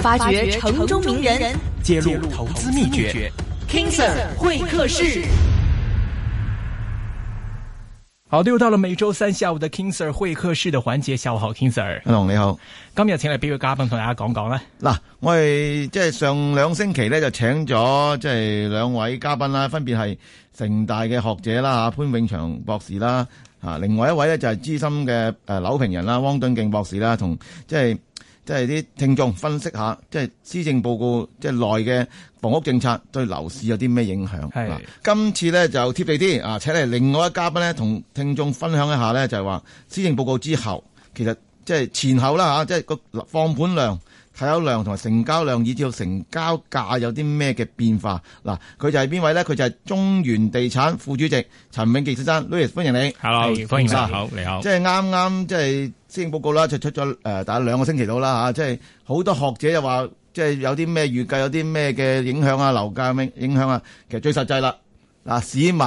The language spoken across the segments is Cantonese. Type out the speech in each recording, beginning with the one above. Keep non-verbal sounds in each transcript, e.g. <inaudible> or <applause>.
發掘城中名人，揭露投資祕訣。King Sir, King Sir 會客室，好，又到了每周三下午的 King Sir 會客室的環節。下午好，King Sir。阿龍你好，今日請嚟邊個嘉賓同大家講講啦。嗱，我哋即係上兩星期呢，就請咗即係兩位嘉賓啦，分別係城大嘅學者啦，潘永祥博士啦，啊，另外一位呢，就係資深嘅誒樓評人啦，汪敦敬博士啦，同即係。即係啲聽眾分析下，即係施政報告即係內嘅房屋政策對樓市有啲咩影響？係，今次咧就貼地啲啊，請嚟另外一嘉賓咧同聽眾分享一下咧，就係話施政報告之後，其實即係前後啦嚇，即係個放盤量。睇量同埋成交量，以至到成交價有啲咩嘅變化？嗱，佢就係邊位咧？佢就係中原地產副主席陳永傑先生，Louis，歡迎你。Hello，歡迎你。好，你好。即係啱啱即係施政報告啦，就出咗誒，大概兩個星期到啦嚇。即係好多學者又話，即係有啲咩預計，有啲咩嘅影響啊，樓價影影響啊。其實最實際啦，嗱，市民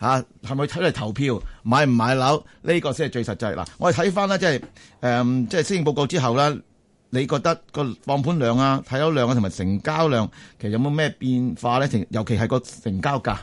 係咪出嚟投票買唔買樓？呢個先係最實際。嗱，我哋睇翻啦，即係誒，即係施政報告之後啦。你覺得個放盤量啊、睇樓量啊，同埋成交量，其實有冇咩變化咧？尤其係個成交價。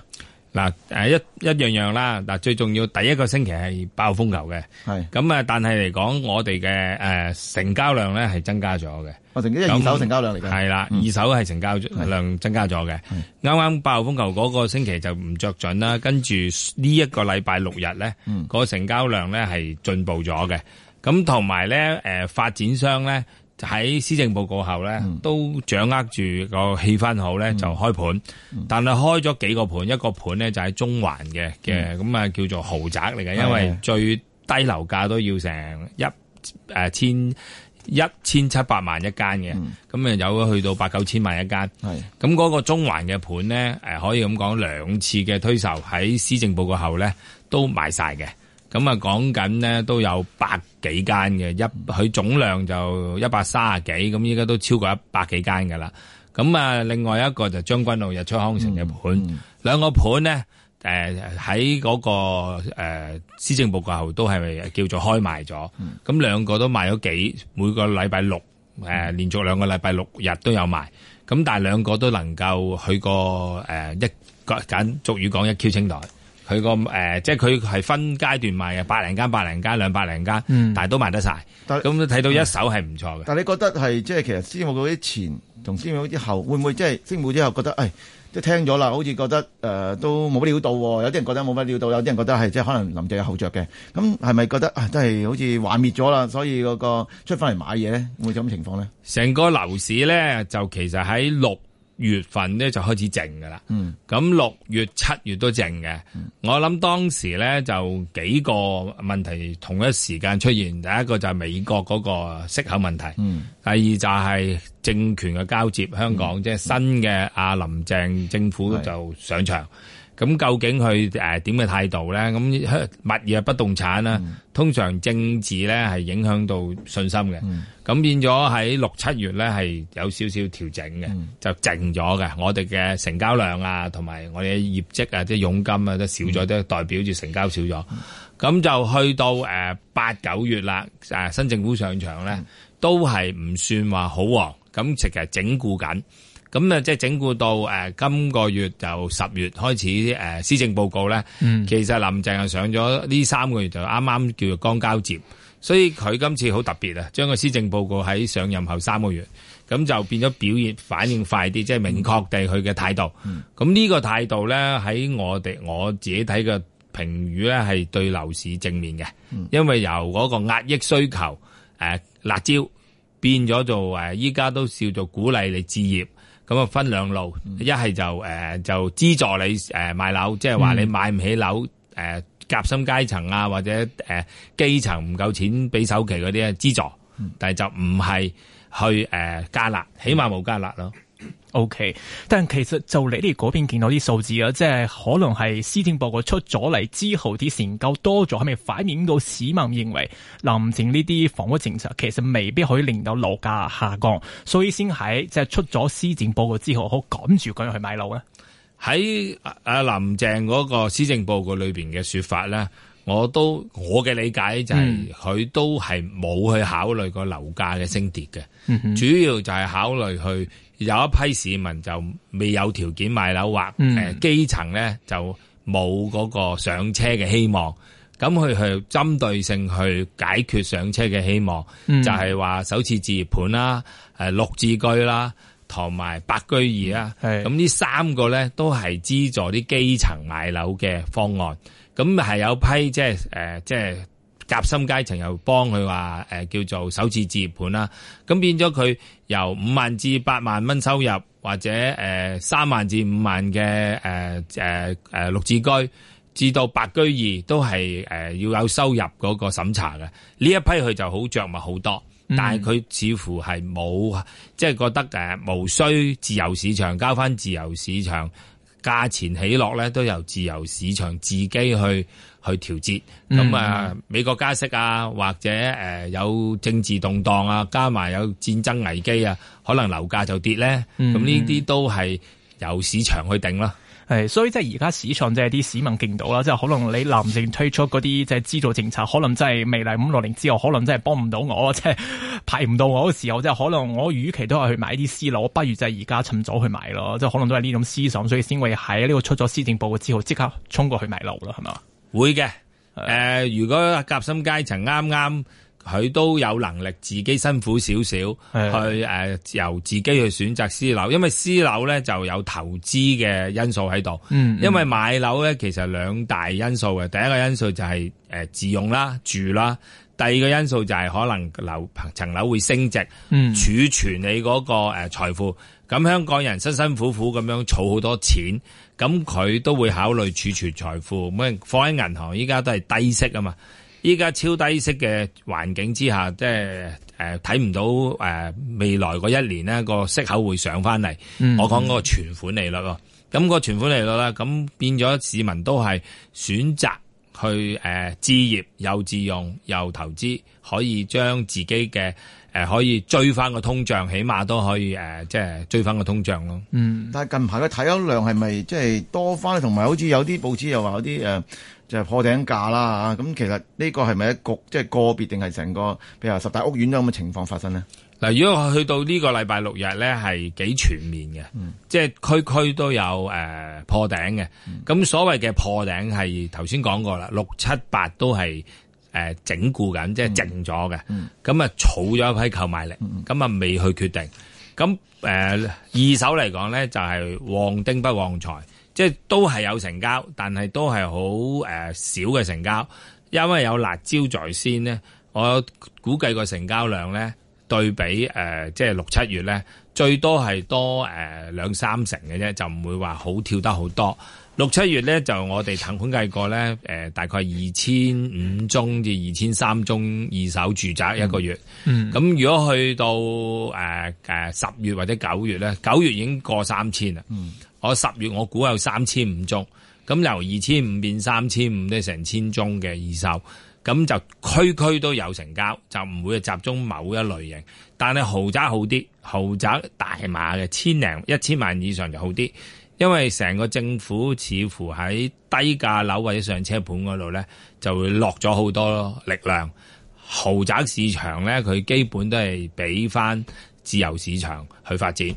嗱，誒一一樣樣啦。嗱，最重要，第一個星期係暴風球嘅。係。咁啊，但係嚟講，我哋嘅誒成交量咧係增加咗嘅。我曾經係二手成交量嚟嘅。係啦，二手係成交量增加咗嘅。啱啱暴風球嗰個星期就唔著準啦，跟住呢一個禮拜六日咧，個成交量咧係進步咗嘅。咁同埋咧，誒發展商咧。就喺施政報告後咧，都掌握住個氣氛好咧、嗯，就開盤。嗯、但係開咗幾個盤，一個盤咧就喺中環嘅嘅，咁、嗯、啊叫做豪宅嚟嘅，因為最低樓價都要成一、啊、千一千七百萬一間嘅，咁、嗯、啊有去到八九千萬一間。咁嗰、嗰個中環嘅盤咧，可以咁講兩次嘅推售喺施政報告後咧，都賣曬嘅。咁啊，講緊咧都有百幾間嘅，一佢總量就一百三十幾，咁依家都超過一百幾間噶啦。咁啊，另外一個就將軍澳日出康城嘅盤、嗯，兩個盤咧，誒喺嗰個誒施、呃、政報告後都係叫做開賣咗。咁、嗯、兩個都賣咗幾每個禮拜六誒連續兩個禮拜六日都有賣。咁但係兩個都能夠佢個誒一個簡俗語講一 Q 清袋。佢個誒，即係佢係分階段賣嘅，百零間、百零間、兩百零間，嗯、但係都賣得晒。咁睇到一手係唔錯嘅、嗯。但係你覺得係即係其實師傅之前同師傅之後，會唔會即係師傅之後覺得即都聽咗啦，好似覺得誒、呃、都冇乜料到喎？有啲人覺得冇乜料到，有啲人覺得係即係可能林鄭有後着嘅。咁係咪覺得啊，都係好似幻滅咗啦？所以嗰、那個出翻嚟買嘢咧，會有咁情況咧？成個樓市咧，就其實喺六月份咧就開始靜噶啦咁、嗯、六月、七月都靜嘅。我諗當時咧就幾個問題同一時間出現，第一個就係美國嗰個息口問題，嗯、第二就係政權嘅交接，香港、嗯、即係新嘅阿林鄭政府就上場。嗯咁究竟佢誒點嘅態度咧？咁物業、不動產啦，通常政治咧係影響到信心嘅。咁變咗喺六七月咧係有少少調整嘅，就靜咗嘅。我哋嘅成交量啊，同埋我哋嘅業績啊，啲佣金啊都少咗，都代表住成交少咗。咁就去到誒八九月啦，誒新政府上場咧，都係唔算話好喎，咁直係整固緊。咁啊，即係整固到誒，今個月就十月開始誒，施政報告咧，嗯。其實林鄭啊上咗呢三個月就啱啱叫做剛交接，所以佢今次好特別啊，將個施政報告喺上任後三個月，咁就變咗表現反應快啲，即、就、係、是、明確地佢嘅態度。咁、嗯、呢個態度咧，喺我哋我自己睇嘅評語咧，係對樓市正面嘅，因為由嗰個壓抑需求誒、呃、辣招變咗做誒，依、呃、家都叫做鼓勵你置業。咁啊，分兩路，一係、嗯、就誒、呃、就資助你誒、呃、買樓，即係話你買唔起樓誒夾心階層啊，或者誒、呃、基層唔夠錢俾首期嗰啲啊資助，嗯、但係就唔係去誒、呃、加辣，起碼冇加辣咯。O、okay, K，但其實就你哋嗰邊見到啲數字啊，即係可能係施政報告出咗嚟之後啲成交多咗，係咪反映到市民認為林鄭呢啲房屋政策其實未必可以令到樓價下降，所以先喺即係出咗施政報告之後，好趕住咁樣去買樓咧？喺阿林鄭嗰個施政報告裏邊嘅說法咧，我都我嘅理解就係、是、佢、嗯、都係冇去考慮過樓價嘅升跌嘅、嗯，主要就係考慮去。有一批市民就未有條件買樓或、呃、基層咧就冇嗰個上車嘅希望，咁佢去針對性去解決上車嘅希望，嗯、就係、是、話首次置業盤啦、呃、六字居啦同埋白居二啦，咁、嗯、呢三個咧都係資助啲基層買樓嘅方案。咁係有批即係誒、呃、即係。夾心階層又幫佢話，誒叫做首次置業盤啦，咁變咗佢由五萬至八萬蚊收入，或者誒三、呃、萬至五萬嘅誒誒誒六字居，至到白居二都係誒、呃、要有收入嗰個審查嘅，呢一批佢就好着墨好多，嗯、但係佢似乎係冇即係覺得誒無須自由市場，交翻自由市場。交價錢起落咧，都由自由市場自己去去調節。咁啊，Mm-hmm。美國加息啊，或者誒、呃、有政治動盪啊，加埋有戰爭危機啊，可能樓價就跌咧。咁呢啲都係由市場去定咯。係，所以即係而家市場，即係啲市民見到啦，即係可能你林鄭推出嗰啲即係資助政策，可能真係未來五六年之後可能真係幫唔到我，即係排唔到我嘅時候，即係可能我預期都係去買啲私樓，我不如就而家趁早去買咯，即係可能都係呢種思想，所以先會喺呢個出咗施政報告之後，即刻衝過去買樓咯，係咪啊？會嘅，誒、呃，如果夾心階層啱啱。佢都有能力自己辛苦少少，去誒、呃、由自己去選擇私樓，因為私樓咧就有投資嘅因素喺度、嗯嗯。因為買樓咧其實兩大因素嘅，第一個因素就係、是、誒、呃、自用啦、住啦；第二個因素就係可能樓層樓會升值，嗯、儲存你嗰、那個、呃、財富。咁香港人辛辛苦苦咁樣儲好多錢，咁佢都會考慮儲存財富，咁放喺銀行，依家都係低息啊嘛。依家超低息嘅環境之下，即係誒睇唔到、呃、未來嗰一年呢、個息口會上翻嚟、嗯。我講嗰個存款利率咯，咁、嗯個存款利率啦，咁變咗市民都係選擇去誒、呃、置業又自用又投資，可以將自己嘅、呃、可以追翻個通脹，起碼都可以誒即係追翻個通脹咯。嗯，但近排嘅睇樓量係咪即係多翻，同埋好似有啲報紙又話有啲誒。呃就是、破頂價啦，咁其實呢個係咪一局即係、就是、個別，定係成個？譬如話十大屋苑咁嘅情況發生咧？嗱，如果去到呢個禮拜六日咧，係幾全面嘅、嗯，即係區區都有誒、呃、破頂嘅。咁、嗯、所謂嘅破頂係頭先講過啦，六七八都係誒、呃、整固緊，即係靜咗嘅。咁、嗯、啊，儲咗一批購買力，咁、嗯、啊、嗯、未去決定。咁誒、呃，二手嚟講咧，就係旺丁不旺財。即係都係有成交，但係都係好誒少嘅成交，因為有辣招在先咧。我估計個成交量咧，對比誒、呃、即係六七月咧，最多係多誒兩三成嘅啫，就唔會話好跳得好多。六七月咧就我哋曾統計過咧，誒、呃、大概二千五宗至二千三宗二手住宅一個月。嗯，咁、嗯、如果去到誒誒十月或者九月咧，九月已經過三千啦。嗯。我十月我估有三千五宗，咁由 2, 3, 500, 1, 二千五變三千五，都成千宗嘅二手，咁就區區都有成交，就唔會集中某一類型。但係豪宅好啲，豪宅大碼嘅千零一千萬以上就好啲，因為成個政府似乎喺低價樓或者上車盤嗰度咧，就會落咗好多力量。豪宅市場咧，佢基本都係俾翻自由市場去發展。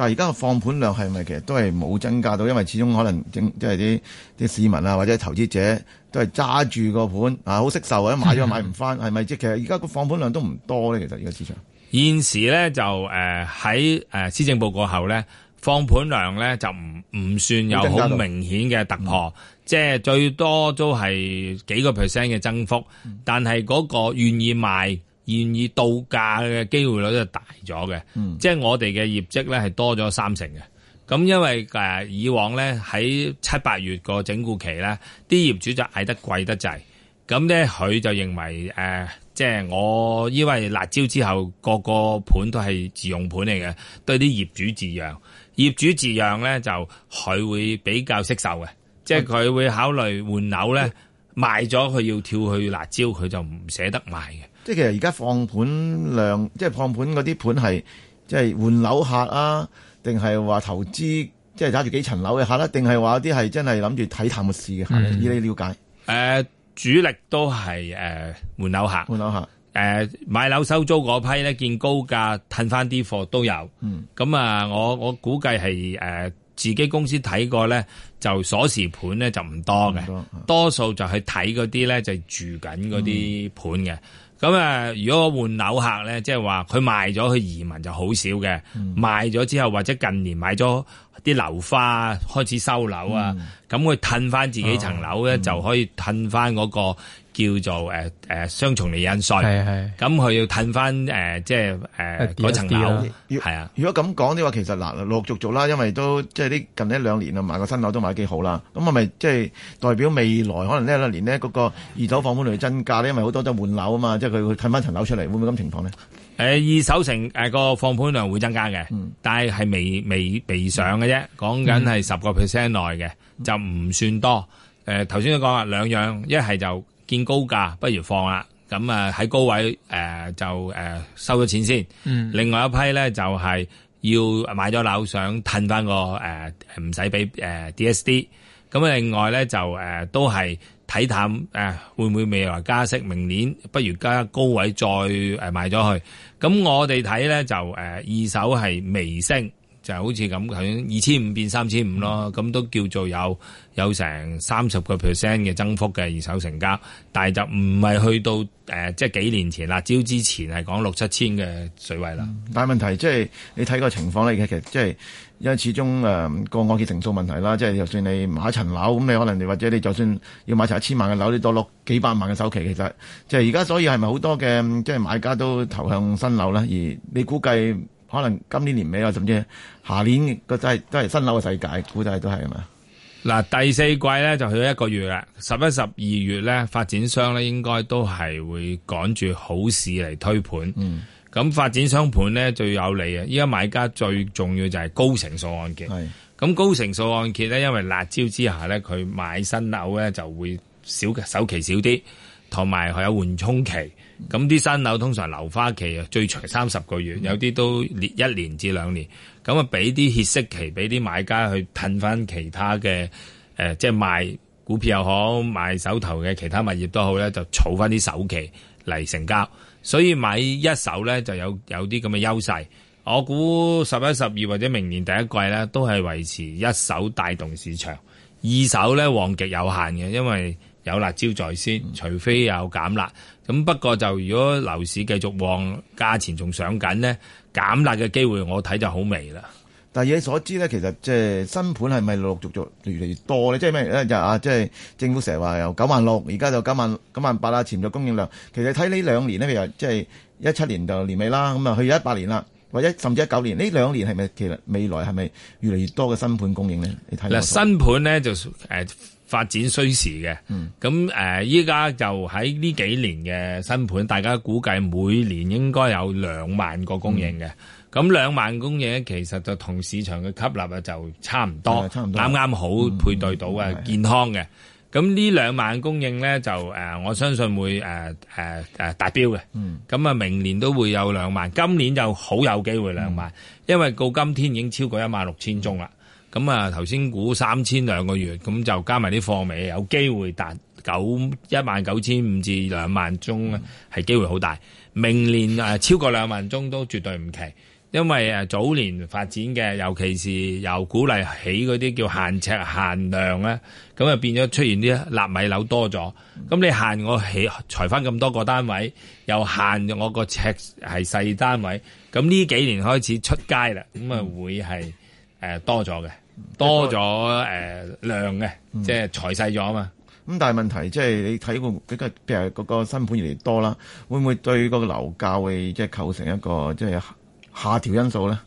但係而家個放盤量係咪其實都係冇增加到，因為始終可能正即係啲啲市民啊或者投資者都係揸住個盤啊，好惜售或者買咗買唔返，係咪即係其實而家個放盤量都唔多咧？其實呢個市場現時咧就誒喺誒施政報告後咧放盤量咧就唔唔算有好明顯嘅突破，即係最多都係幾個 percent 嘅增幅，嗯、但係嗰個願意賣。然而度假嘅機會率就大咗嘅，嗯，即係我哋嘅業績咧係多咗三成嘅。咁因為誒、呃、以往咧喺七八月個整固期咧，啲業主就嗌得貴得滯，咁咧佢就認為誒、呃，即係我因為辣招之後各個個盤都係自用盤嚟嘅，對啲業主自養，業主自養咧就佢會比較惜售嘅，嗯，即係佢會考慮換樓咧賣咗佢要跳去辣招，佢就唔捨得賣嘅。即係其實而家放盤量，即係放盤嗰啲盤係，即係換樓客啊？定係話投資，即係揸住幾層樓嘅客咧、啊？定係話有啲係真係諗住睇淡嘅市嘅客？呢、嗯、你了解？誒、呃，主力都係誒換樓客，換樓客誒、呃、買樓收租嗰批呢，見高價褪翻啲貨都有。嗯，咁啊，我我估計係誒自己公司睇過咧，就鎖匙盤咧就唔多嘅、嗯，多數就去睇嗰啲咧就係、住緊嗰啲盤嘅。嗯咁啊，如果換樓客咧，即係話佢賣咗佢移民就好少嘅，賣咗之後或者近年買咗啲樓花開始收樓啊，咁佢褪翻自己層樓咧，哦、就可以褪翻嗰個。叫做誒誒、呃呃、雙重釐印稅，係係，咁佢要褪翻誒即係誒嗰層樓，啊。如果咁講嘅話，其實嗱陸、呃、陸續續啦，因為都即係啲近一兩年啊買個新樓都買得幾好啦。咁係咪即係代表未來可能呢一兩年呢嗰、嗰個二手放盤量增加咧，因為好多都換樓啊嘛，即係佢會褪翻層樓出嚟，會唔會咁情況呢？誒、呃、二手成誒個放盤量會增加嘅、嗯，但係係未未未上嘅啫，講緊係十個 percent 內嘅，就唔算多。誒頭先都講啊，兩樣一係就。見高價不如放啦，咁啊喺高位誒、呃、就誒、呃、收咗錢先、嗯。另外一批咧就係、是、要買咗樓上，褪翻個誒唔使俾誒 DSD。咁另外咧就誒、呃、都係睇淡誒、呃、會唔會未來加息，明年不如加高位再誒賣咗去。咁我哋睇咧就誒、呃、二手係微升，就好似咁頭先二千五變三千五咯，咁、嗯、都叫做有。有成三十個 percent 嘅增幅嘅二手成交，但係就唔係去到誒、呃，即係幾年前辣招之前係講六七千嘅水位啦。但、嗯、係問題即係、就是、你睇個情況咧，其實即係因為始終誒個按揭成數問題啦，即、就、係、是、就算你買一層樓咁，你可能你或者你就算要買齊一千萬嘅樓，你多落幾百萬嘅首期。其實即係而家所以係咪好多嘅即係買家都投向新樓咧？而你估計可能今年年尾或甚至下年個真係都係新樓嘅世界，估計都係咁嘛。嗱，第四季咧就去咗一個月啦，十一、十二月咧發展商咧應該都係會趕住好市嚟推盤，咁、嗯、發展商盤咧最有利啊！依家買家最重要就係高成數按揭，係、咁高成數按揭咧因為辣椒之下咧佢買新樓咧就會少首期少啲，同埋佢有緩衝期。咁啲新樓通常留花期啊，最長三十個月，有啲都一一年至兩年。咁啊，俾啲歇息期，俾啲買家去騰翻其他嘅誒，即係賣股票又好，賣手頭嘅其他物業都好咧，就儲翻啲首期嚟成交。所以買一手咧就有有啲咁嘅優勢。我估十一、十二或者明年第一季咧，都係維持一手帶動市場，二手咧旺極有限嘅，因為，有辣椒在先，除非有減辣。咁、嗯、不過就如果樓市繼續旺，價錢仲上緊呢，減辣嘅機會我睇就好微啦。但係你所知咧，其實即、就、係、是、新盤係咪陸陸續續越嚟越多咧？即係咩咧？就啊、是，即、就、係、是、政府成日話有九萬六，而家就九萬九萬八啦，潛在供應量。其實睇呢兩年呢，譬如即係一七年就年尾啦，咁啊去咗一八年啦。或者甚至一九年呢兩年係咪其實未來係咪越嚟越多嘅新盤供應咧？你睇嗱新盤咧就誒、呃、發展需時嘅，咁誒依家就喺呢幾年嘅新盤，大家估計每年應該有兩萬個供應嘅，咁、嗯、兩萬供應其實就同市場嘅吸納啊就差唔多差唔多，啱啱好、嗯、配對到啊、嗯、健康嘅。咁呢兩萬供應呢，就誒，我相信會誒誒達標嘅。咁、嗯、啊，明年都會有兩萬，今年就好有機會兩萬、嗯，因為到今天已經超過一萬六千宗啦。咁、嗯、啊，頭先估三千兩個月，咁就加埋啲貨尾，有機會達九一萬九千五至兩萬宗呢，係機會好大。明年誒超過兩萬宗都絕對唔奇。因為誒早年發展嘅，尤其是由鼓勵起嗰啲叫限尺限量咧，咁啊變咗出現啲納米樓多咗。咁你限我起裁翻咁多個單位，又限我個尺係細單位，咁呢幾年開始出街啦，咁啊會係誒多咗嘅，多咗誒、呃、量嘅，即係裁細咗啊嘛。咁、嗯、但係問題即係你睇個嗰個譬如嗰個新盤越嚟越多啦，會唔會對個樓價會即係構成一個即係、就是下調因素咧，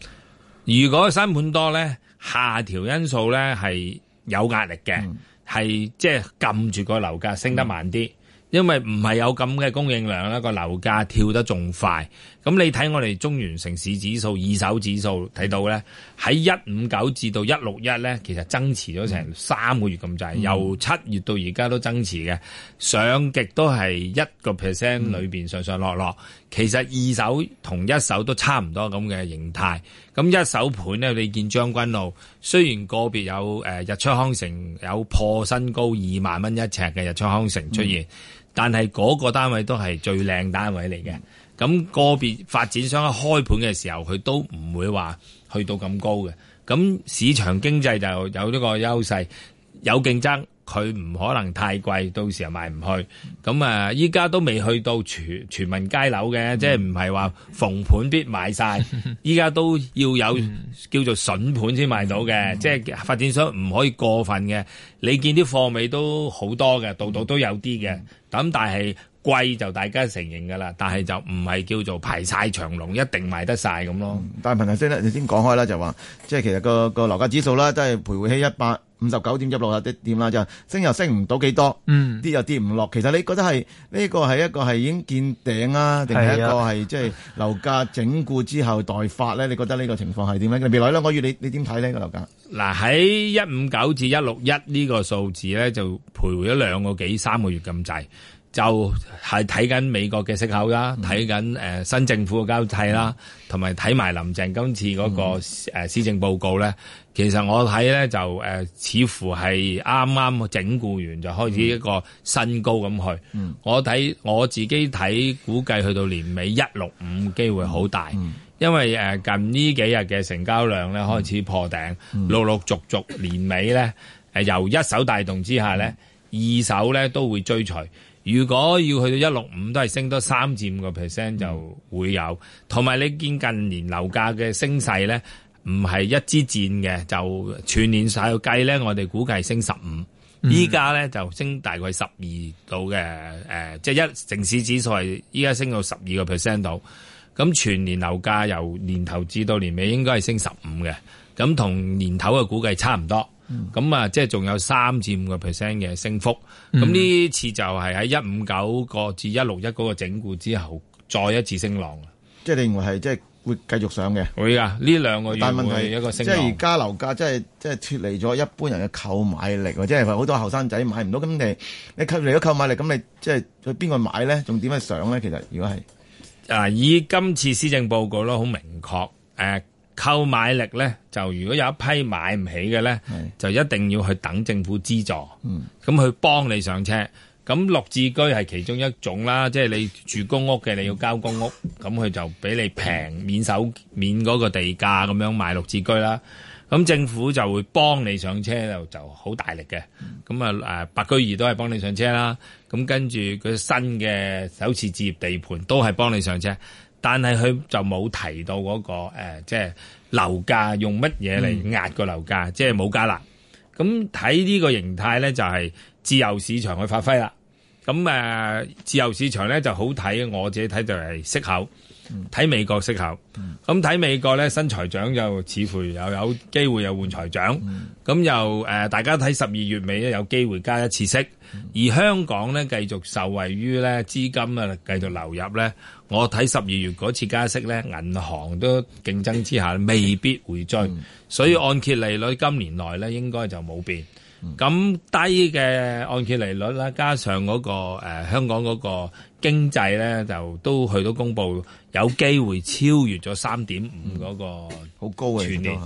如果新盤多咧，下調因素咧係有壓力嘅，係即係撳住個樓價升得慢啲、嗯，因為唔係有咁嘅供應量咧，個樓價跳得仲快。咁你睇我哋中原城市指數二手指數睇到咧，喺一五九至到一六一咧，其實增持咗成三個月咁滯、嗯，由七月到而家都增持嘅，上極都係一個 percent 裏邊上上落落。嗯嗯其實二手同一手都差唔多咁嘅形態，咁一手盤呢，你見將軍澳雖然個別有、呃、日出康城有破新高二萬蚊一尺嘅日出康城出現，嗯、但係嗰個單位都係最靚單位嚟嘅。咁、那個別發展商一開盤嘅時候，佢都唔會話去到咁高嘅。咁市場經濟就有呢個優勢，有競爭。佢唔可能太貴，到時又賣唔去。咁啊，依家都未去到全全民街樓嘅、嗯，即係唔係話逢盤必買晒。依 <laughs> 家都要有叫做筍盤先買到嘅、嗯，即係發展商唔可以過分嘅。你見啲貨尾都好多嘅，度度都有啲嘅。咁但係貴就大家承認噶啦，但係就唔係叫做排晒長龍，一定賣得晒咁咯。但係彭先生咧，你先講開啦，就話即係其實、那個個樓價指數啦，都係徘徊喺一百。五十九點一六啦，啲點啦就升又升唔到幾多，跌又跌唔落。其實你覺得係呢個係一個係已經見頂啊，定係一個係即係樓價整固之後待發咧？你覺得呢個情況係點樣？未來兩個月，你，你點睇呢個樓價？嗱，喺一五九至一六一呢個數字咧，就徘徊咗兩個幾三個月咁滯，就係睇緊美國嘅息口啦，睇緊誒新政府嘅交替啦，同埋睇埋林鄭今次嗰個誒施政報告咧。其實我睇咧就誒，似乎係啱啱整固完就開始一個新高咁去。嗯、我睇我自己睇估計去到年尾一六五機會好大，嗯，因為近呢幾日嘅成交量咧開始破頂，嗯、陸陸續續年尾咧由一手帶動之下咧，二手咧都會追隨。如果要去到一六五，都係升多三至五個 percent 就會有。同、嗯、埋你見近年樓價嘅升勢咧。唔係一支箭嘅，就全年晒去計咧。我哋估計升十五，依家咧就升大概十二度嘅，誒、呃，即係一城市指數係依家升到十二個 percent 度。咁全年樓價由年頭至到年尾，應該係升十五嘅。咁同年頭嘅估計差唔多。咁、嗯、啊，即係仲有三至五個 percent 嘅升幅。咁、嗯、呢次就係喺一五九個至一六一嗰個整固之後，再一次升浪。即係你認為係即係。會繼續上嘅，會啊！呢兩個月會，會一個利。即係而家樓價真，即係即係脫離咗一般人嘅購買力，即係好多後生仔買唔到。咁你你吸嚟咗購買力，咁你即係去邊個買咧？仲點樣上咧？其實如果係啊，以今次施政報告咯，好明確。誒、呃，購買力咧，就如果有一批買唔起嘅咧，就一定要去等政府資助。咁、嗯、去幫你上車。咁六字居係其中一種啦，即係你住公屋嘅，你要交公屋，咁佢就俾你平免首免嗰個地價咁樣買六字居啦。咁政府就會幫你上車就就好大力嘅。咁啊誒，白居易都係幫你上車啦。咁跟住佢新嘅首次置業地盤都係幫你上車，但係佢就冇提到嗰、那個即係、呃就是、樓價用乜嘢嚟壓個樓價，即係冇加啦。咁睇呢個形態咧，就係、是，自由市場去發揮啦，咁誒自由市場咧就好睇，我自己睇就係息口，睇美國息口，咁睇美國咧新財長又似乎又有機會又換財長，咁又誒大家睇十二月尾咧有機會加一次息，而香港咧繼續受惠於咧資金啊繼續流入咧，我睇十二月嗰次加息咧銀行都競爭之下未必會追，所以按揭利率今年內咧應該就冇變。咁低嘅按揭利率啦，加上嗰個誒香港嗰個經濟咧，就都去到公布，有機會超越咗三點五嗰個好高嘅全年，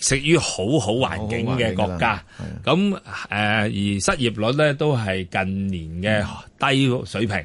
屬於好好環境嘅國家。咁誒而失業率咧都係近年嘅低水平。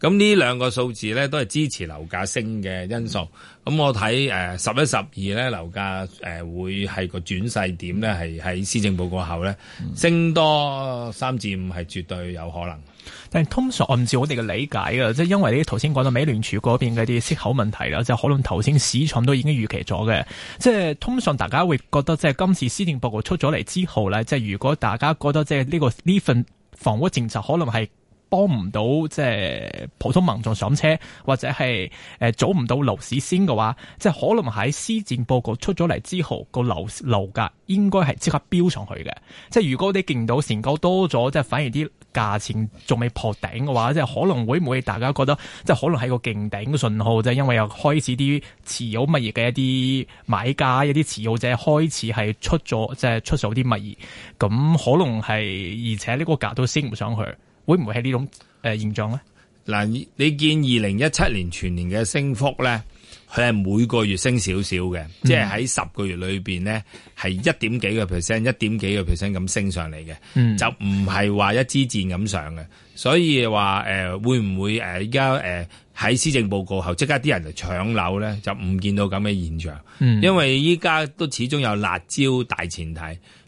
咁呢兩個數字咧都係支持樓價升嘅因素。咁、嗯、我睇誒、呃、十一十二咧樓價誒、呃、會係個轉勢點咧，係喺施政報告後咧、嗯、升多三至五係絕對有可能、嗯。但係通常按照我哋嘅理解啊，即係因為你頭先講到美聯儲嗰邊嗰啲息口問題啦，就可能頭先市場都已經預期咗嘅。即係通常大家會覺得即係今次施政報告出咗嚟之後咧，即係如果大家覺得即係、呢、呢個呢份房屋政策可能係。幫唔到即係普通民眾上車，或者係誒、呃，早唔到樓市先嘅話，即係可能喺施政報告出咗嚟之後，個樓樓價應該係即刻飆上去嘅。即係如果你見到成交多咗，即係反而啲價錢仲未破頂嘅話，即係可能會唔會大家覺得即係可能係個勁頂嘅信號？即係因為又開始啲持有物業嘅一啲買家，一啲持有者開始係出咗即係出售啲物業，咁可能係而且呢個價都升唔上去。會唔會係呢種誒現象咧？嗱、呃啊，你見二零一七年全年嘅升幅咧，佢係每個月升少少嘅、嗯，即係喺十個月裏邊咧，係一點幾個 percent、一點幾個 percent 咁升上嚟嘅、嗯，就唔係話一支箭咁上嘅。所以話誒、呃，會唔會誒依家誒喺施政報告後即刻啲人嚟搶樓咧，就唔見到咁嘅現象、嗯，因為依家都始終有辣椒大前提。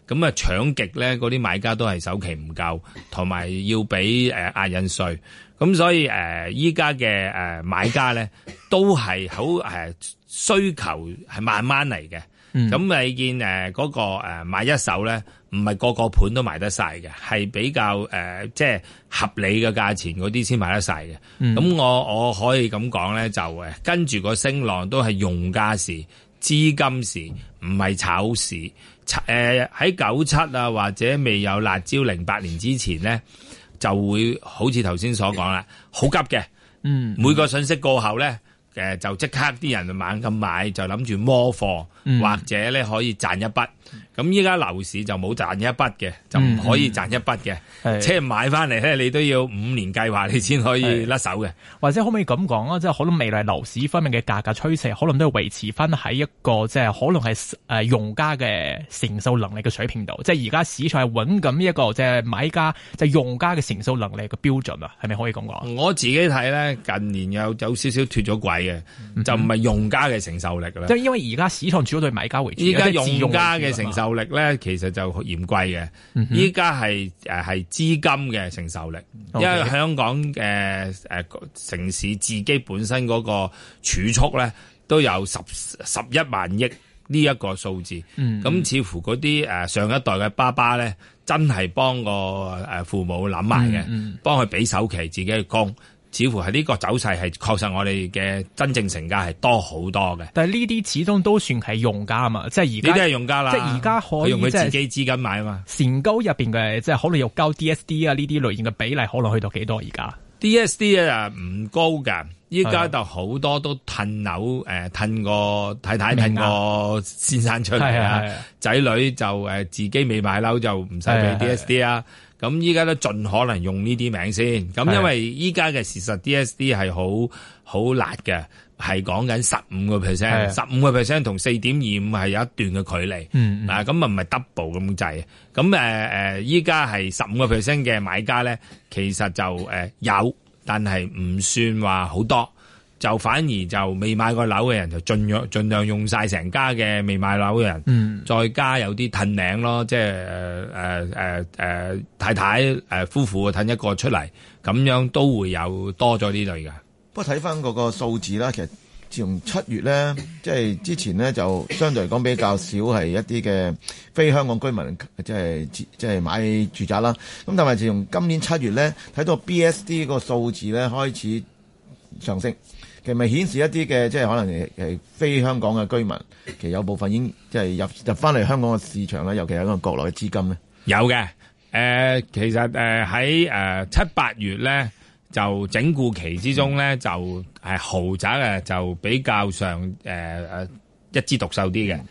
咁啊，搶極咧，嗰啲買家都係首期唔夠，同埋要俾誒壓印稅。咁所以誒，依家嘅誒買家咧，都係好需求係慢慢嚟嘅。咁、嗯、你見誒嗰個誒買一手咧，唔係個個盤都買得晒嘅，係比較誒即係合理嘅價錢嗰啲先買得晒嘅。咁、嗯、我我可以咁講咧，就跟住個升浪都係用家市、資金市，唔係炒市。誒喺九七啊，97，或者未有辣椒零八年之前咧，就會好似頭先所講啦，好急嘅。嗯，每個信息過後咧，誒、呃、就即刻啲人猛咁買，就諗住摸貨。嗯、或者咧可以賺一筆，咁依家樓市就冇賺一筆嘅，就唔可以賺一筆嘅，即、嗯、係、就是、買翻嚟咧，你都要五年計劃你先可以甩手嘅。或者可唔可以咁講啊？即係可能未來樓市方面嘅價格趨勢，可能都係維持翻喺一個即係、就是、可能係誒用家嘅承受能力嘅水平度，即係而家市場係揾緊呢一個即係、就是、買家即係、就是、用家嘅承受能力嘅標準啊？係咪可以咁講？我自己睇咧，近年有有少少脫咗軌嘅，就唔係用家嘅承受力啦。即、嗯、係、嗯、因為而家市場。主要對買家為主。依家用家嘅承受力咧，其實就好嫌貴嘅。依家係誒係資金嘅承受力、嗯，因為香港嘅誒城市自己本身嗰個儲蓄咧都有十十一萬億呢一個數字。咁、嗯嗯、似乎嗰啲誒上一代嘅爸爸咧，真係幫個誒父母諗埋嘅，幫佢俾首期，自己去供。似乎係呢個走勢，係確實我哋嘅真正成交係多好多嘅，但係呢啲始終都算係用家啊嘛，即係而家呢啲係用家啦，即係而家可以他用佢自己資金買啊嘛。成交入邊嘅即係可能要交 DSD 啊呢啲類型嘅比例可能去到幾多而家？DSD 啊唔高噶，依家就好多都褪樓誒褪個太太褪個先生出嚟啊，仔女就誒、呃、自己未買樓就唔使俾 DSD 啊。咁依家都盡可能用呢啲名先，咁因為依家嘅事實 DSD 係好好辣嘅，係講緊十五個 percent，十五個 percent 同四點二五係有一段嘅距離，啊咁啊唔係 double 咁滯，咁誒誒依家係十五個 percent 嘅買家咧，其實就誒有，但係唔算話好多。就反而就未買過樓嘅人就盡量，盡量用晒成家嘅未買樓嘅人，嗯，再加有啲褪領咯，即係誒誒太太、呃、夫婦褪一個出嚟，咁樣都會有多咗啲類嘅。不過睇翻嗰個數字啦，其實自從七月咧，即係之前呢，就相對嚟講比較少係一啲嘅非香港居民，即係即係買住宅啦。咁但係自從今年七月咧，睇到 B S D 個數字咧開始上升。其實咪顯示一啲嘅，即係可能係非香港嘅居民，其實有部分已經即係、就是、入入翻嚟香港嘅市場咧，尤其係一個國內嘅資金咧。有嘅，誒、呃，其實誒喺誒七八月咧，就整固期之中咧，就係豪宅嘅就比較上誒誒、呃、一枝獨秀啲嘅、嗯，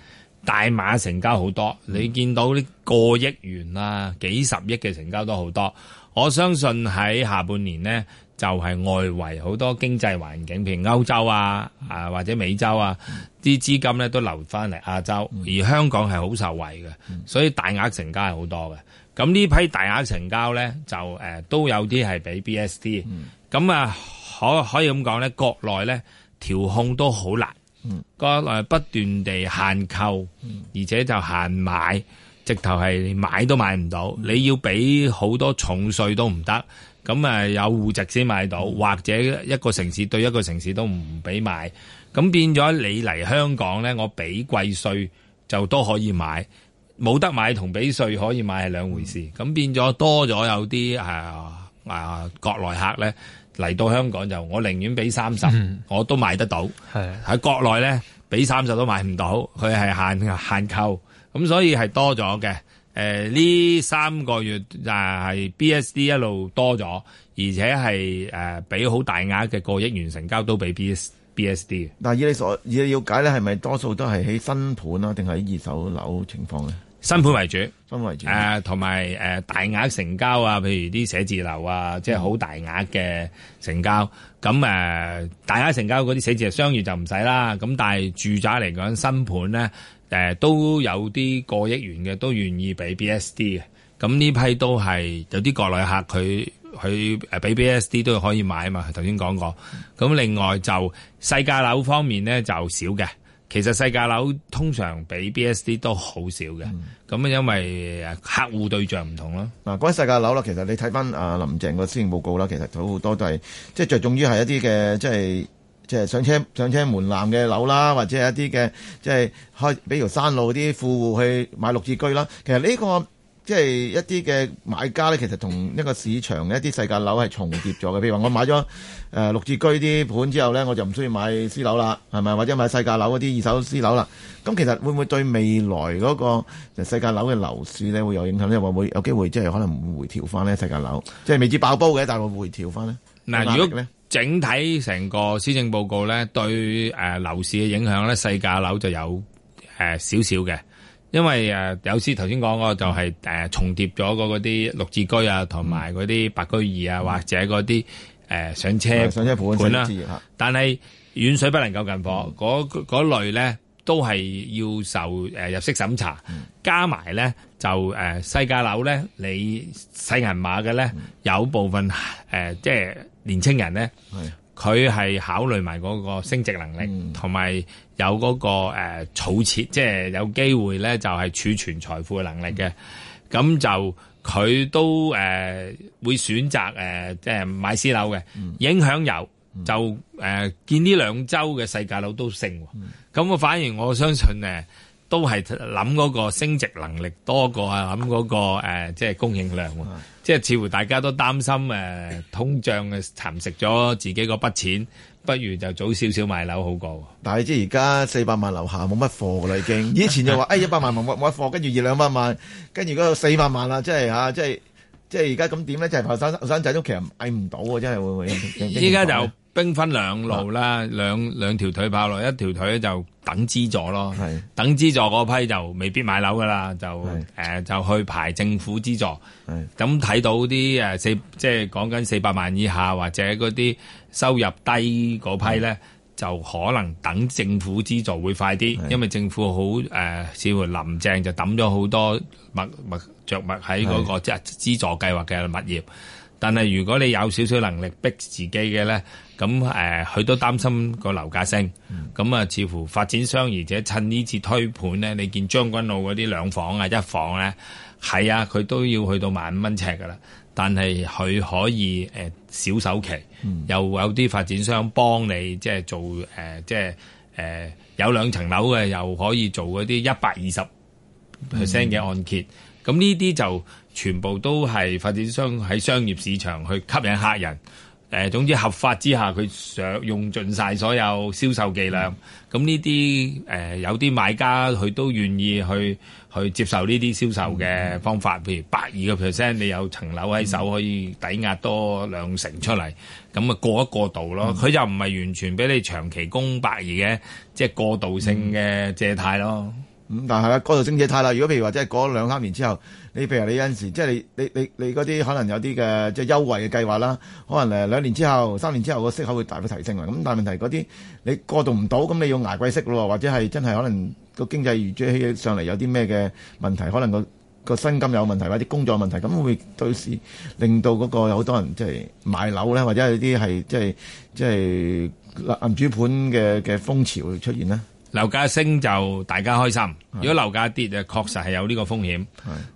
大碼成交好多、嗯，你見到啲個億元啊、幾十億嘅成交都好多。我相信喺下半年咧。就係、是、外圍好多經濟環境，譬如歐洲啊，啊或者美洲啊，啲、嗯、資金咧都流翻嚟亞洲、嗯，而香港係好受惠嘅、嗯，所以大額成交係好多嘅。咁呢批大額成交咧，就誒、呃、都有啲係俾 BSD。咁啊，可可以咁講咧，國內咧調控都好難，國內、嗯、不斷地限購，而且就限買，直頭係買都買唔到，你要俾好多重稅都唔得。咁啊，有戶籍先買到，或者一個城市對一個城市都唔俾買，咁變咗你嚟香港咧，我俾貴稅就都可以買，冇得買同俾稅可以買係兩回事，咁變咗多咗有啲啊啊國內客咧嚟到香港就，我寧願俾三十我都買得到，喺國內咧俾三十都買唔到，佢係限限購，咁所以係多咗嘅。誒、呃、呢三個月就係、啊、B S D 一路多咗，而且係誒俾好大額嘅個億元成交都俾 B S D。但係以你所以你瞭解咧，係咪多數都係喺新盤啊，定係喺二手樓情況咧？新盤為主，新盤為主。誒同埋誒大額成交啊，譬如啲寫字樓啊，即係好大額嘅成交。咁、嗯、誒、呃、大額成交嗰啲寫字商業就唔使啦。咁但係住宅嚟講，新盤咧。誒都有啲過億元嘅都願意俾 B S D 嘅，咁呢批都係有啲國內客佢佢俾 B S D 都可以買啊嘛，頭先講過。咁另外就細價樓方面咧就少嘅，其實細價樓通常俾 B S D 都好少嘅，咁因為客戶對象唔同咯。嗱、嗯，講起細價樓啦，其實你睇翻阿林鄭個施政報告啦，其實好好多都係即係着重於係一啲嘅即係。就是即、就、係、是、上車上車門檻嘅樓啦，或者係一啲嘅即係比如山路啲富戶去買綠置居啦。其實呢、這個即係、就是、一啲嘅買家咧，其實同一個市場嘅一啲世界樓係重疊咗嘅。譬如話，我買咗誒綠置居啲盤之後咧，我就唔需要買私樓啦，係咪？或者買世界樓嗰啲二手私樓啦。咁其實會唔會對未來嗰個世界樓嘅樓市咧會有影響咧？會唔會有機會即係、就是、可能回調翻呢？世界樓即係未至爆煲嘅，但係會回調翻呢？嗱，如果整體成個施政報告咧，對誒、呃、樓市嘅影響咧，細價樓就有誒少少嘅，因為誒、呃、有時頭先講過，就係誒重疊咗嗰啲綠置居啊，同埋嗰啲白居二啊，或者嗰啲誒上車上車盤啦、啊。但係遠水不能夠近火，嗰、嗯、類咧都係要受誒、呃、入息審查，加埋咧就誒、呃、細價樓咧，你細銀碼嘅咧有部分誒、呃、即係。年青人咧，佢係考慮埋嗰個升值能力，同、嗯、埋有嗰、那個誒儲錢，即、呃、係、就是、有機會咧就係儲存財富嘅能力嘅。咁、嗯、就佢都誒、呃、會選擇誒即係買私樓嘅、嗯。影響油、嗯、就誒、呃、見呢兩周嘅世界樓都，都升，咁、嗯、我反而我相信誒都係諗嗰個升值能力多過諗嗰個誒即係供應量。即係似乎大家都擔心、啊、通脹嘅蠶食咗自己嗰筆錢，不如就早少少買樓好過。但係即係而家四百萬樓下冇乜貨㗎啦，已經。以前就話誒一百萬冇冇乜貨，跟住二兩百萬，跟住嗰度四百萬啦，即係嚇，即係即係而家咁點咧？即係後生後生仔都其實買唔到喎，真係會會。依家就。兵分兩路啦、啊，兩兩條腿跑落，一條腿就等資助咯。係等資助嗰批就未必買樓噶啦，就、呃、就去排政府資助。咁睇到啲、呃、四，即係講緊四百萬以下或者嗰啲收入低嗰批呢，就可能等政府資助會快啲，因為政府好誒、呃，似乎林鄭就抌咗好多物物著物喺嗰個即係資助計劃嘅物業。但係如果你有少少能力逼自己嘅咧，咁誒佢都擔心個樓價升。咁啊，似乎發展商而且趁呢次推盤咧，你見將軍澳嗰啲兩房啊、一房咧，係啊，佢都要去到萬五蚊尺噶啦。但係佢可以誒、呃、少首期、嗯，又有啲發展商幫你即係做誒、呃、即係誒、呃、有兩層樓嘅，又可以做嗰啲一百二十 percent 嘅按揭。咁呢啲就～全部都係發展商喺商業市場去吸引客人。誒，總之合法之下，佢想用盡晒所有銷售伎倆。咁呢啲誒有啲買家佢都願意去去接受呢啲銷售嘅方法，譬如百二個 percent，你有層樓喺手可以抵押多兩成出嚟，咁啊過一過渡咯。佢就唔係完全俾你長期供百二嘅，即係過渡性嘅借貸咯。咁但係啊，過渡性借貸啦。如果譬如話，即係過兩三年之後。你譬如你有陣時，即係你你你你嗰啲可能有啲嘅即係優惠嘅計劃啦，可能誒兩年之後、三年之後個息口會大幅提升啊！咁但係問題嗰啲你過渡唔到，咁你要捱貴息咯，或者係真係可能個經濟預兆起上嚟有啲咩嘅問題，可能個個薪金有問題或者工作問題，咁會唔會到時令到嗰個有好多人即係買樓咧，或者有啲係即係即係銀主盤嘅嘅風潮出現咧。樓價升就大家開心，如果樓價跌就確實係有呢個風險。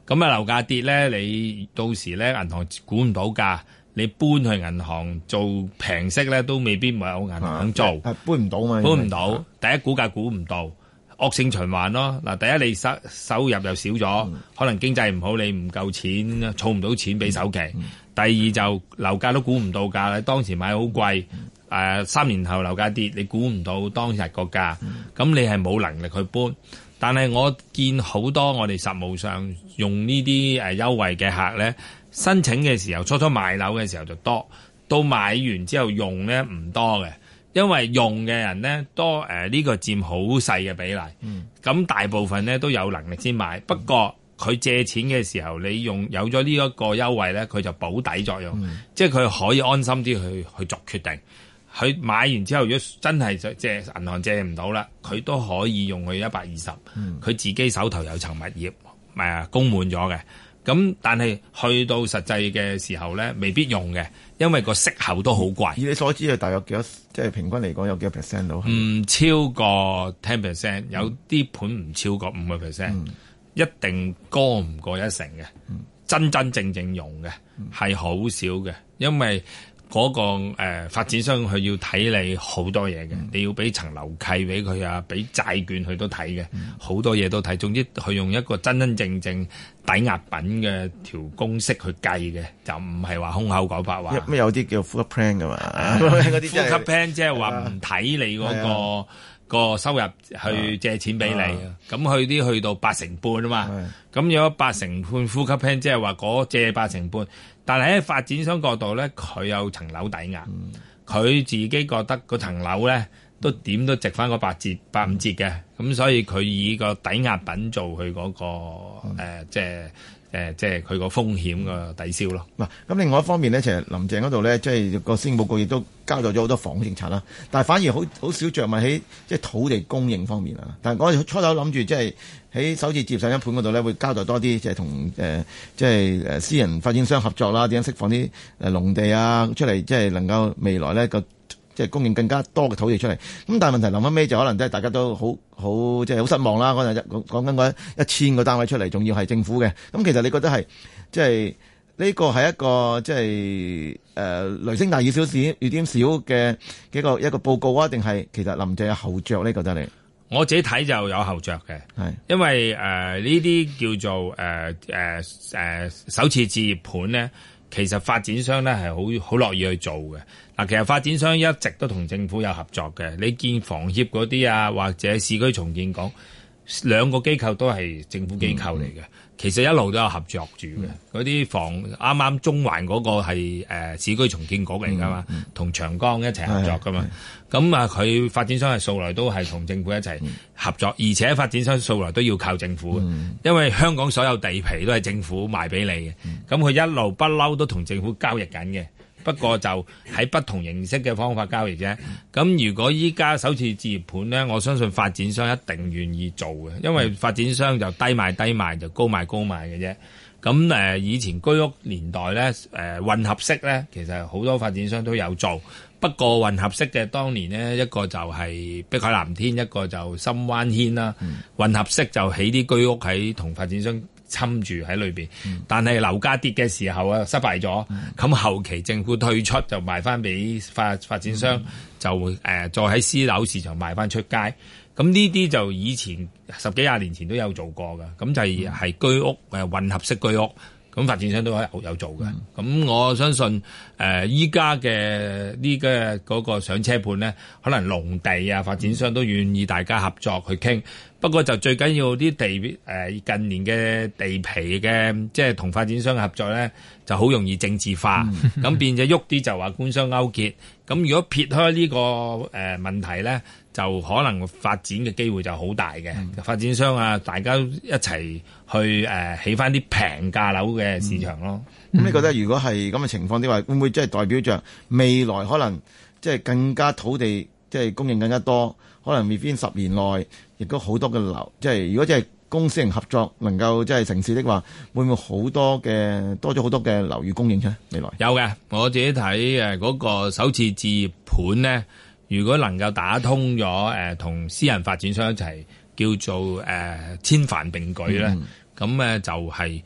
咁啊樓價跌咧，你到時咧銀行估唔到價，你搬去銀行做平息咧都未必冇銀行做。搬唔到咪？搬唔到，到，到，到，第一估價估唔到，惡性循環咯。嗱，第一你收收入又少咗，可能經濟唔好，你唔夠錢儲唔到錢俾首期。第二就樓價都估唔到價，你當時買好貴。誒、呃、三年後樓價跌，你估唔到當日個價，咁、嗯、你係冇能力去搬。但係我見好多我哋實務上用呢啲誒優惠嘅客咧，申請嘅時候，初初買樓嘅時候就多，到買完之後用咧唔多嘅，因為用嘅人咧多呢、呃呢個佔好細嘅比例。咁、嗯、大部分咧都有能力先買，不過佢借錢嘅時候，你用有咗呢一個優惠咧，佢就保底作用，嗯、即係佢可以安心啲去去作決定。佢買完之後，如果真係借銀行借唔到啦，佢都可以用佢一百二十，佢自己手頭有層物業呀，供滿咗嘅。咁但係去到實際嘅時候咧，未必用嘅，因為個息口都好貴。以你所知嘅，大約幾多？即係平均嚟講，有幾多 percent 到？唔超過 ten percent，有啲盤唔超過五個 percent，一定高唔過一成嘅，真真正正用嘅係好少嘅，因為。嗰個誒發展商佢要睇你好多嘢嘅、嗯，你要俾層樓契俾佢啊，俾債券佢都睇嘅，好、嗯、多嘢都睇。總之佢用一個真真正正抵押品嘅條公式去計嘅，就唔係話空口講白話。咩有啲叫呼吸 plan 噶嘛？啲呼吸 plan 即係話唔睇你嗰、嗰個嗰個嗰個收入去借錢俾你，咁佢啲去到八成半啊嘛。咁有八成半呼吸 plan 即係話嗰借八成半。SicCarheit 但係喺發展商角度咧，佢有層樓抵押，佢、嗯、自己覺得嗰層樓咧都點都值翻個八折、八五折嘅，咁所以佢以個抵押品做佢嗰、嗰個、嗯呃、即係。誒，即係佢個風險個抵消咯。嗱，咁另外一方面呢，其實林鄭嗰度呢，即係個施政報告亦都交代咗好多房政策啦。但係反而好好少著墨喺即係土地供應方面啊。但係我初頭諗住即係喺首置上車盤嗰度呢，會交代多啲即係同即係私人發展商合作啦，點樣釋放啲農地啊出嚟，即係能夠未來呢個。即係供應更加多嘅土地出嚟，咁但係問題臨翻尾就可能即係大家都好好即係好失望啦。嗰陣日講講緊個一千個單位出嚟，仲要係政府嘅。咁其實你覺得係即係呢個係一個即係誒、呃、雷聲大雨小市雨點小嘅幾個一個報告啊？定係其實林鄭有後著呢？覺得你我自己睇就有後著嘅，係因為誒呢啲叫做誒誒誒首次置業盤咧，其實發展商咧係好好樂意去做嘅。其實發展商一直都同政府有合作嘅。你見房協嗰啲啊，或者市區重建局兩個機構都係政府機構嚟嘅、嗯。其實一路都有合作住嘅。嗰、嗯、啲房啱啱中環嗰個係、呃、市區重建局嚟㗎嘛同、嗯嗯、長江一齊合作噶嘛。咁、嗯嗯、啊，佢發展商係素來都係同政府一齊合作、嗯，而且發展商素來都要靠政府、嗯、因為香港所有地皮都係政府賣俾你嘅。咁、嗯、佢一路不嬲都同政府交易緊嘅。不過就喺不同形式嘅方法交易啫。咁如果依家首次置業盤呢，我相信發展商一定願意做嘅，因為發展商就低賣低賣，就高賣高賣嘅啫。咁、呃、以前居屋年代呢，呃、混合式呢，其實好多發展商都有做。不過混合式嘅當年呢，一個就係碧海藍天，一個就深灣軒啦、嗯。混合式就起啲居屋喺同發展商。侵住喺裏邊，但係樓價跌嘅時候啊，失敗咗。咁後期政府退出就賣翻俾發發展商，就誒再喺私樓市場賣翻出街。咁呢啲就以前十幾廿年前都有做過嘅，咁就係係居屋誒混合式居屋。咁發展商都可有有做嘅。咁我相信誒依家嘅呢個嗰個上車盤呢，可能農地啊，發展商都願意大家合作去傾，不過就最緊要啲地、呃、近年嘅地皮嘅，即係同發展商合作呢，就好容易政治化，咁 <laughs> 變咗喐啲就話官商勾結，咁如果撇開呢、呢個誒、呃、問題呢。就可能發展嘅機會就好大嘅、嗯，發展商啊，大家一齊去誒起翻啲平價樓嘅市場咯。咁、嗯、你覺得如果係咁嘅情況的話，你話會唔會即係代表着未來可能即係更加土地即係、就是、供應更加多？可能未來十年內，亦都好多嘅樓。即、就、係、是、如果即係公私營合作，能夠即係成事的話，會唔會好多嘅多咗好多嘅樓宇供應出嚟未來？有嘅，我自己睇誒嗰個首次置業盤呢。如果能夠打通咗同、呃、私人發展商一齊叫做誒、呃、千帆並舉呢，咁誒就係、是、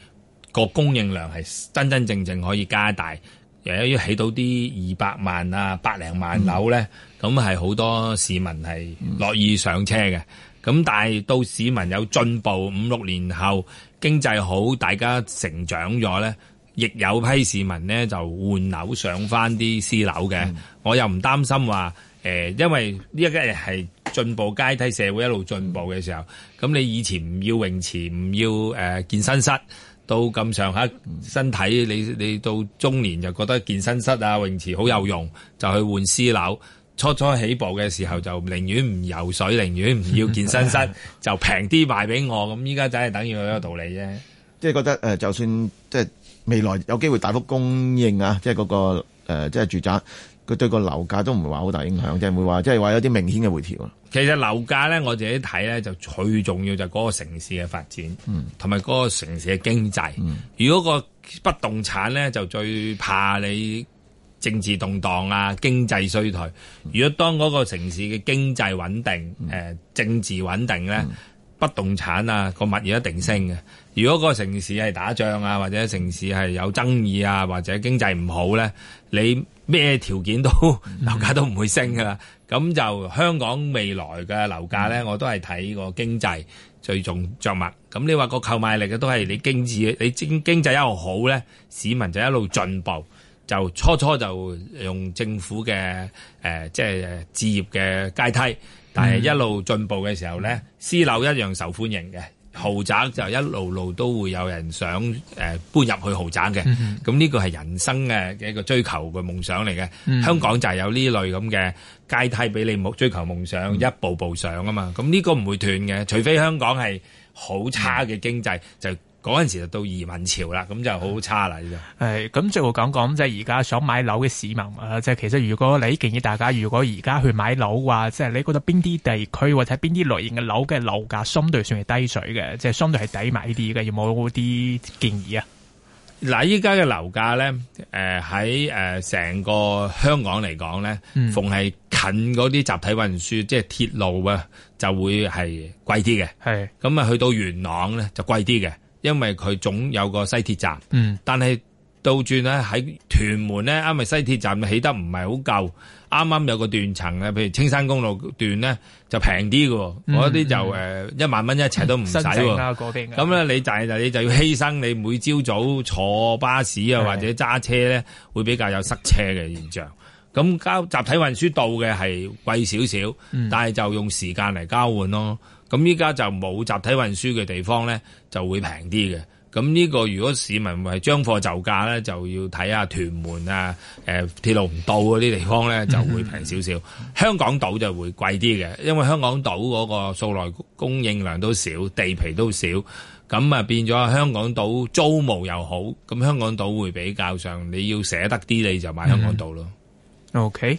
個供應量係真真正正可以加大，由於起到啲二百萬啊、百零萬樓呢，咁係好多市民係樂意上車嘅。咁、嗯、但係到市民有進步，五六年後經濟好，大家成長咗呢，亦有批市民呢就換樓上翻啲私樓嘅、嗯，我又唔擔心話。誒，因為呢一家人係進步階梯社會一路進步嘅時候，咁你以前唔要泳池，唔要誒健身室，到咁上下身體，你你到中年就覺得健身室啊泳池好有用，就去換私樓。初初起步嘅時候就寧願唔游水，寧願唔要健身室，就平啲賣俾我。咁依家就係等於一個道理啫，即係覺得誒，就算即係未來有機會大幅供應啊，即係、那、嗰個、呃、即係住宅。佢對個樓價都唔會話好大影響，即係唔會話，即係話有啲明顯嘅回調啊。其實樓價咧，我自己睇咧就最重要就係嗰個城市嘅發展，同埋嗰個城市嘅經濟。嗯、如果個不動產咧就最怕你政治動盪啊，經濟衰退。嗯、如果當嗰個城市嘅經濟穩定，誒、嗯呃、政治穩定咧、嗯，不動產啊個物業一定升嘅。如果個城市係打仗啊，或者城市係有爭議啊，或者經濟唔好咧，你，咩條件都樓價都唔會升噶啦。咁就香港未來嘅樓價呢，我都係睇個經濟最重着物。咁你話個購買力嘅都係你經濟，你經經濟一路好呢，市民就一路進步，就初初就用政府嘅誒即係置業嘅階梯，但係一路進步嘅時候呢、嗯，私樓一樣受歡迎嘅。豪宅就一路路都會有人想誒搬入去豪宅嘅，咁、嗯、呢、這個係人生嘅嘅一個追求嘅夢想嚟嘅、嗯。香港就係有呢類咁嘅階梯俾你目追求夢想、嗯、一步步上啊嘛，咁、這、呢個唔會斷嘅，除非香港係好差嘅經濟、嗯、就。嗰陣時就到移民潮啦，咁就好差啦，呢個。係咁，最後講講即係而家想買樓嘅市民啊，即係其實如果你建議大家，如果而家去買樓嘅話，即係你覺得邊啲地區或者邊啲類型嘅樓嘅樓價相對算係低水嘅，即係相對係抵買啲嘅，有冇啲建議啊？嗱，依家嘅樓價咧，誒喺誒成個香港嚟講咧，逢、嗯、係近嗰啲集體運輸，即係鐵路啊，就會係貴啲嘅。係咁啊，去到元朗咧就貴啲嘅。因為佢總有個西鐵站，嗯、但係倒轉咧喺屯門咧，因為西鐵站起得唔係好夠，啱啱有個斷層嘅，譬如青山公路段咧就平啲喎。我、嗯、啲就誒、嗯、一萬蚊一尺都唔使，咁咧你就係就你就要犧牲你每朝早坐巴士啊或者揸車咧會比較有塞車嘅現象，咁交集體運輸到嘅係貴少少，但係就用時間嚟交換咯。咁依家就冇集體運輸嘅地方呢，就會平啲嘅。咁呢個如果市民係將貨就價呢，就要睇下屯門啊、誒、呃、鐵路唔到嗰啲地方呢，就會平少少。香港島就會貴啲嘅，因為香港島嗰個數內供應量都少，地皮都少，咁啊變咗香港島租務又好，咁香港島會比較上你要捨得啲，你就買香港島咯。嗯、OK。